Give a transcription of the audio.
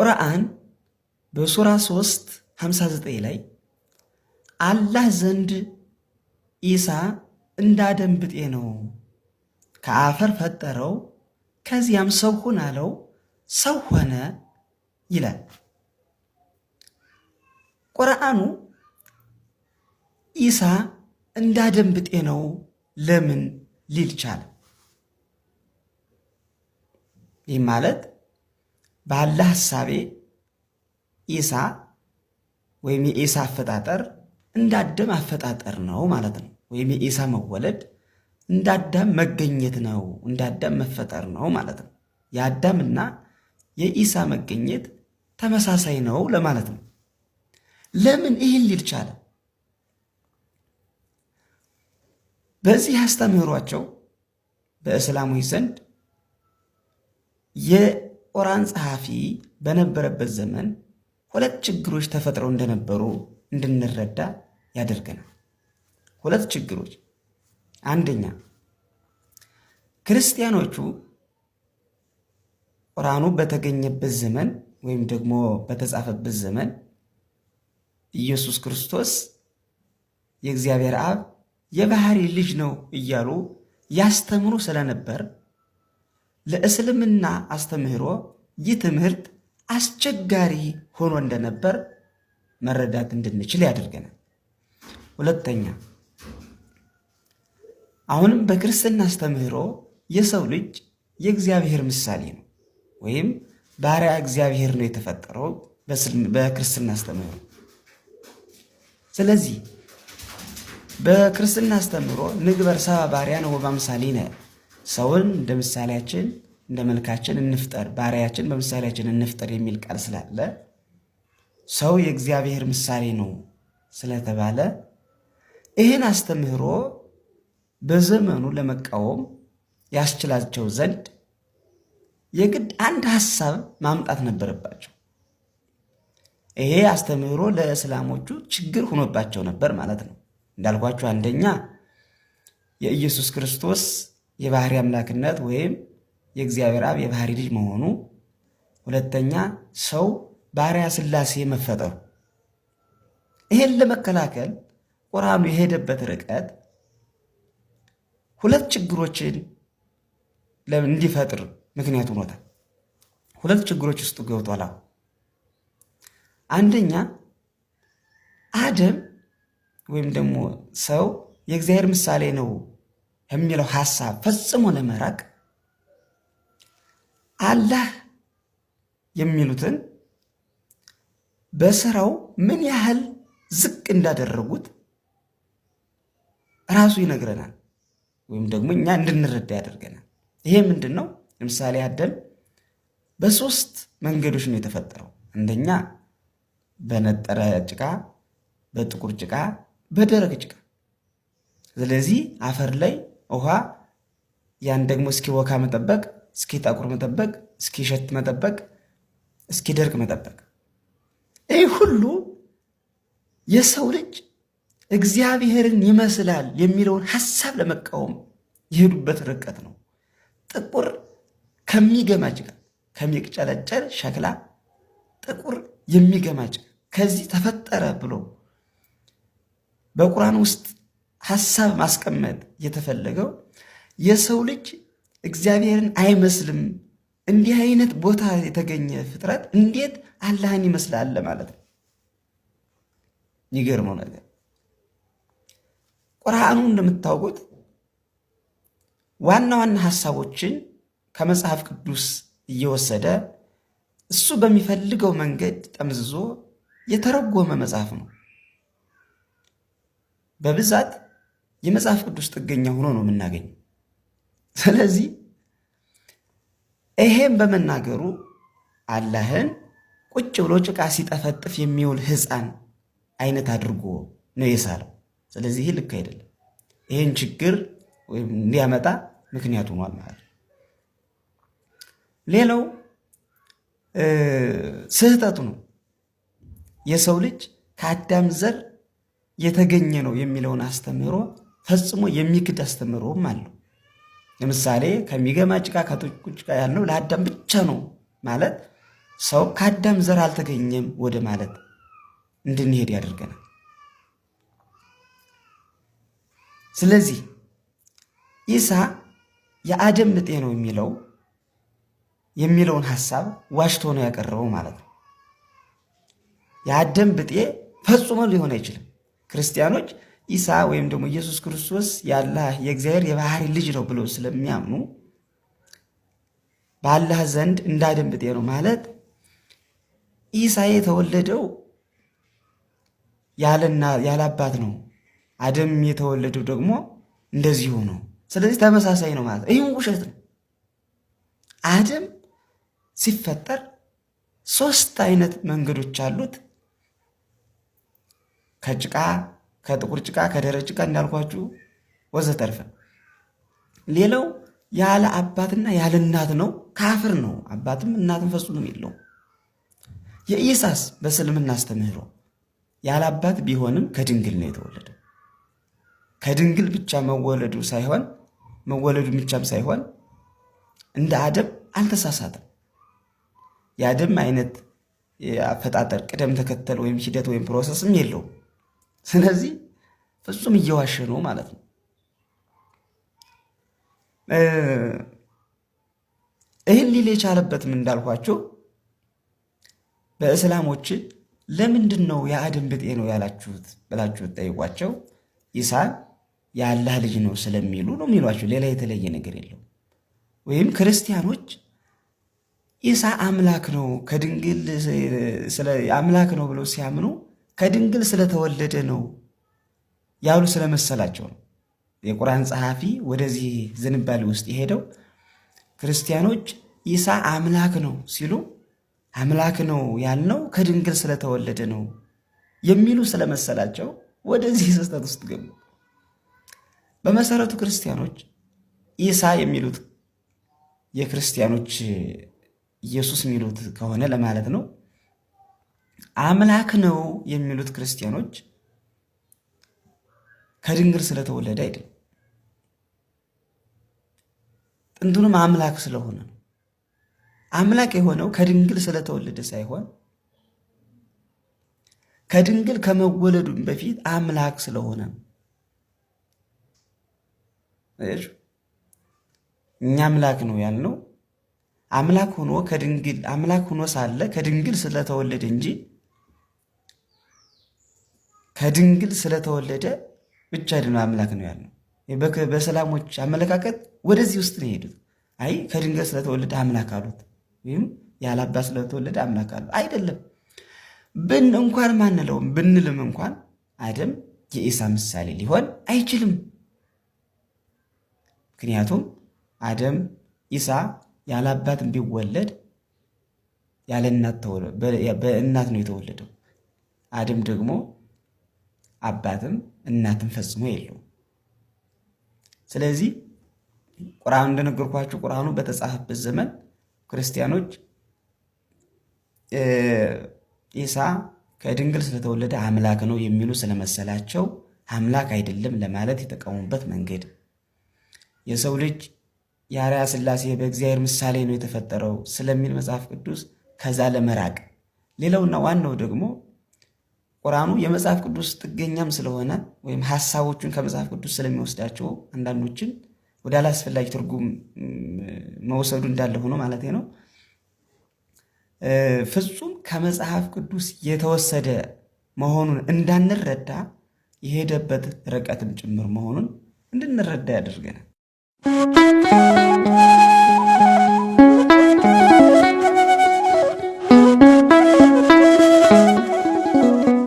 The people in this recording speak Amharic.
ቁርአን በሱራ 3 59 ላይ አላህ ዘንድ ኢሳ እንዳደንብጤ ነው፣ ከአፈር ፈጠረው፣ ከዚያም ሰው ሁን አለው፣ ሰው ሆነ ይላል። ቁርአኑ ኢሳ እንዳደንብጤ ነው ለምን ሊል ቻለ? ይህ ማለት ባለ ሐሳቤ ኢሳ ወይም የኢሳ አፈጣጠር እንዳደም አፈጣጠር ነው ማለት ነው። ወይም የኢሳ መወለድ እንዳዳም መገኘት ነው፣ እንዳዳም መፈጠር ነው ማለት ነው። የአዳምና የኢሳ መገኘት ተመሳሳይ ነው ለማለት ነው። ለምን ይህን ሊል ቻለ? በዚህ አስተምህሯቸው በእስላሞች ዘንድ ኦራን ጸሐፊ በነበረበት ዘመን ሁለት ችግሮች ተፈጥረው እንደነበሩ እንድንረዳ ያደርገናል። ሁለት ችግሮች፣ አንደኛ ክርስቲያኖቹ ቁርአኑ በተገኘበት ዘመን ወይም ደግሞ በተጻፈበት ዘመን ኢየሱስ ክርስቶስ የእግዚአብሔር አብ የባህሪ ልጅ ነው እያሉ ያስተምሩ ስለነበር ለእስልምና አስተምህሮ ይህ ትምህርት አስቸጋሪ ሆኖ እንደነበር መረዳት እንድንችል ያደርገናል። ሁለተኛ አሁንም በክርስትና አስተምህሮ የሰው ልጅ የእግዚአብሔር ምሳሌ ነው ወይም ባሪያ እግዚአብሔር ነው የተፈጠረው በክርስትና አስተምህሮ። ስለዚህ በክርስትና አስተምህሮ ንግበር ሰብአ በአርአያነ ወበአምሳሊነ ሰውን እንደ ምሳሌያችን እንደ መልካችን እንፍጠር፣ ባሪያችን በምሳሌያችን እንፍጠር የሚል ቃል ስላለ ሰው የእግዚአብሔር ምሳሌ ነው ስለተባለ ይህን አስተምህሮ በዘመኑ ለመቃወም ያስችላቸው ዘንድ የግድ አንድ ሀሳብ ማምጣት ነበረባቸው። ይሄ አስተምህሮ ለእስላሞቹ ችግር ሆኖባቸው ነበር ማለት ነው። እንዳልኳቸው አንደኛ የኢየሱስ ክርስቶስ የባህሪ አምላክነት ወይም የእግዚአብሔር አብ የባህሪ ልጅ መሆኑ፣ ሁለተኛ ሰው ባህሪያ ስላሴ መፈጠሩ። ይሄን ለመከላከል ቁርአኑ የሄደበት ርቀት ሁለት ችግሮችን እንዲፈጥር ምክንያት ሆኖታል። ሁለት ችግሮች ውስጥ ገብቷል። አንደኛ አደም ወይም ደግሞ ሰው የእግዚአብሔር ምሳሌ ነው የሚለው ሐሳብ ፈጽሞ ለመራቅ አላህ የሚሉትን በስራው ምን ያህል ዝቅ እንዳደረጉት ራሱ ይነግረናል፣ ወይም ደግሞ እኛ እንድንረዳ ያደርገናል። ይሄ ምንድን ነው? ለምሳሌ አደም በሶስት መንገዶች ነው የተፈጠረው። አንደኛ በነጠረ ጭቃ፣ በጥቁር ጭቃ፣ በደረቅ ጭቃ። ስለዚህ አፈር ላይ ውሃ ያን ደግሞ ወካ መጠበቅ፣ ጠቁር መጠበቅ፣ ሸት መጠበቅ፣ ደርቅ መጠበቅ። ይህ ሁሉ የሰው ልጅ እግዚአብሔርን ይመስላል የሚለውን ሀሳብ ለመቃወም የሄዱበት ርቀት ነው። ጥቁር ከሚገማጭ ጋር ከሚቅጨለጨል ሸክላ ጥቁር የሚገማጭ ከዚህ ተፈጠረ ብሎ በቁርአን ውስጥ ሀሳብ ማስቀመጥ የተፈለገው የሰው ልጅ እግዚአብሔርን አይመስልም። እንዲህ አይነት ቦታ የተገኘ ፍጥረት እንዴት አላህን ይመስላል ማለት ነው። የሚገርመው ነገር ቁርአኑ እንደምታውቁት ዋና ዋና ሀሳቦችን ከመጽሐፍ ቅዱስ እየወሰደ እሱ በሚፈልገው መንገድ ጠምዝዞ የተረጎመ መጽሐፍ ነው በብዛት የመጽሐፍ ቅዱስ ጥገኛ ሆኖ ነው የምናገኘው። ስለዚህ ይሄም በመናገሩ አላህን ቁጭ ብሎ ጭቃ ሲጠፈጥፍ የሚውል ሕፃን አይነት አድርጎ ነው የሳለው። ስለዚህ ይህ ልክ አይደለም። ይህን ችግር ወይም እንዲያመጣ ምክንያት ሆኗል ማለት ነው። ሌላው ስህተቱ ነው። የሰው ልጅ ከአዳም ዘር የተገኘ ነው የሚለውን አስተምህሮ ፈጽሞ የሚክድ አስተምሮም አለው። ለምሳሌ ከሚገማ ጭቃ ከጥቁር ጭቃ ያልነው ለአዳም ብቻ ነው ማለት ሰው ከአዳም ዘር አልተገኘም ወደ ማለት እንድንሄድ ያደርገናል። ስለዚህ ኢሳ የአደም ምጤ ነው የሚለው የሚለውን ሐሳብ ዋሽቶ ነው ያቀረበው ማለት ነው። የአደም ብጤ ፈጽሞ ሊሆን አይችልም። ክርስቲያኖች ኢሳ ወይም ደግሞ ኢየሱስ ክርስቶስ የአላህ የእግዚአብሔር የባህሪ ልጅ ነው ብለው ስለሚያምኑ በአላህ ዘንድ እንዳደንብጤ ነው ማለት ኢሳ የተወለደው ያለና ያለ አባት ነው። አደም የተወለደው ደግሞ እንደዚሁ ነው። ስለዚህ ተመሳሳይ ነው ማለት ነው። ይህም ውሸት ነው። አደም ሲፈጠር ሶስት አይነት መንገዶች አሉት ከጭቃ ከጥቁር ጭቃ፣ ከደረ ጭቃ እንዳልኳችሁ ወዘተርፈ። ሌላው ያለ አባትና ያለ እናት ነው፣ ካፍር ነው። አባትም እናትም ፈጹምም የለውም። የኢሳስ በእስልምና አስተምህሮ ያለ አባት ቢሆንም ከድንግል ነው የተወለደ። ከድንግል ብቻ መወለዱ ሳይሆን መወለዱ ብቻም ሳይሆን እንደ አደም አልተሳሳተም። የአደም አይነት አፈጣጠር ቅደም ተከተል ወይም ሂደት ወይም ፕሮሰስም የለውም። ስለዚህ ፍጹም እየዋሸ ነው ማለት ነው። ይህን ሊል የቻለበትም እንዳልኳቸው በእስላሞች ለምንድን ነው የአደም ብጤ ነው ያላችሁት ብላችሁ ጠይቋቸው። ይሳ የአላህ ልጅ ነው ስለሚሉ ነው የሚሏቸው። ሌላ የተለየ ነገር የለው። ወይም ክርስቲያኖች ይሳ አምላክ ነው ከድንግል አምላክ ነው ብለው ሲያምኑ ከድንግል ስለተወለደ ነው ያሉ ስለመሰላቸው ነው። የቁርአን ጸሐፊ ወደዚህ ዝንባሌ ውስጥ የሄደው ክርስቲያኖች ኢሳ አምላክ ነው ሲሉ አምላክ ነው ያልነው ከድንግል ስለተወለደ ነው የሚሉ ስለመሰላቸው ወደዚህ ስህተት ውስጥ ገቡ። በመሰረቱ ክርስቲያኖች ኢሳ የሚሉት የክርስቲያኖች ኢየሱስ የሚሉት ከሆነ ለማለት ነው አምላክ ነው የሚሉት ክርስቲያኖች ከድንግል ስለተወለደ አይደለም፣ ጥንቱንም አምላክ ስለሆነ ነው። አምላክ የሆነው ከድንግል ስለተወለደ ሳይሆን ከድንግል ከመወለዱም በፊት አምላክ ስለሆነ ነው። እኛ አምላክ ነው ያልነው አምላክ ሆኖ ከድንግል አምላክ ሆኖ ሳለ ከድንግል ስለተወለደ እንጂ ከድንግል ስለተወለደ ብቻ አይደለም አምላክ ነው ያልነው። በሰላሞች አመለካከት ወደዚህ ውስጥ ነው የሄዱት። አይ ከድንግል ስለተወለደ አምላክ አሉት፣ ወይም ያለ አባት ስለተወለደ አምላክ አሉት። አይደለም ብን እንኳን ማንለውም ብንልም እንኳን አደም የኢሳ ምሳሌ ሊሆን አይችልም። ምክንያቱም አደም ኢሳ ያለ አባት ቢወለድ ያለ እናት በእናት ነው የተወለደው። አድም ደግሞ አባትም እናትም ፈጽሞ የለውም። ስለዚህ ቁርአኑ እንደነገርኳቸው ቁርአኑ በተጻፈበት ዘመን ክርስቲያኖች ኢሳ ከድንግል ስለተወለደ አምላክ ነው የሚሉ ስለመሰላቸው አምላክ አይደለም ለማለት የተቃወሙበት መንገድ የሰው ልጅ የአርያ ስላሴ በእግዚአብሔር ምሳሌ ነው የተፈጠረው ስለሚል መጽሐፍ ቅዱስ ከዛ ለመራቅ ሌላውና ዋናው ደግሞ ቁርአኑ የመጽሐፍ ቅዱስ ጥገኛም ስለሆነ ወይም ሀሳቦቹን ከመጽሐፍ ቅዱስ ስለሚወስዳቸው አንዳንዶችን ወደ አላስፈላጊ ትርጉም መውሰዱ እንዳለ ሆኖ ማለት ነው። ፍጹም ከመጽሐፍ ቅዱስ የተወሰደ መሆኑን እንዳንረዳ የሄደበት ርቀትም ጭምር መሆኑን እንድንረዳ ያደርገናል። Thank you.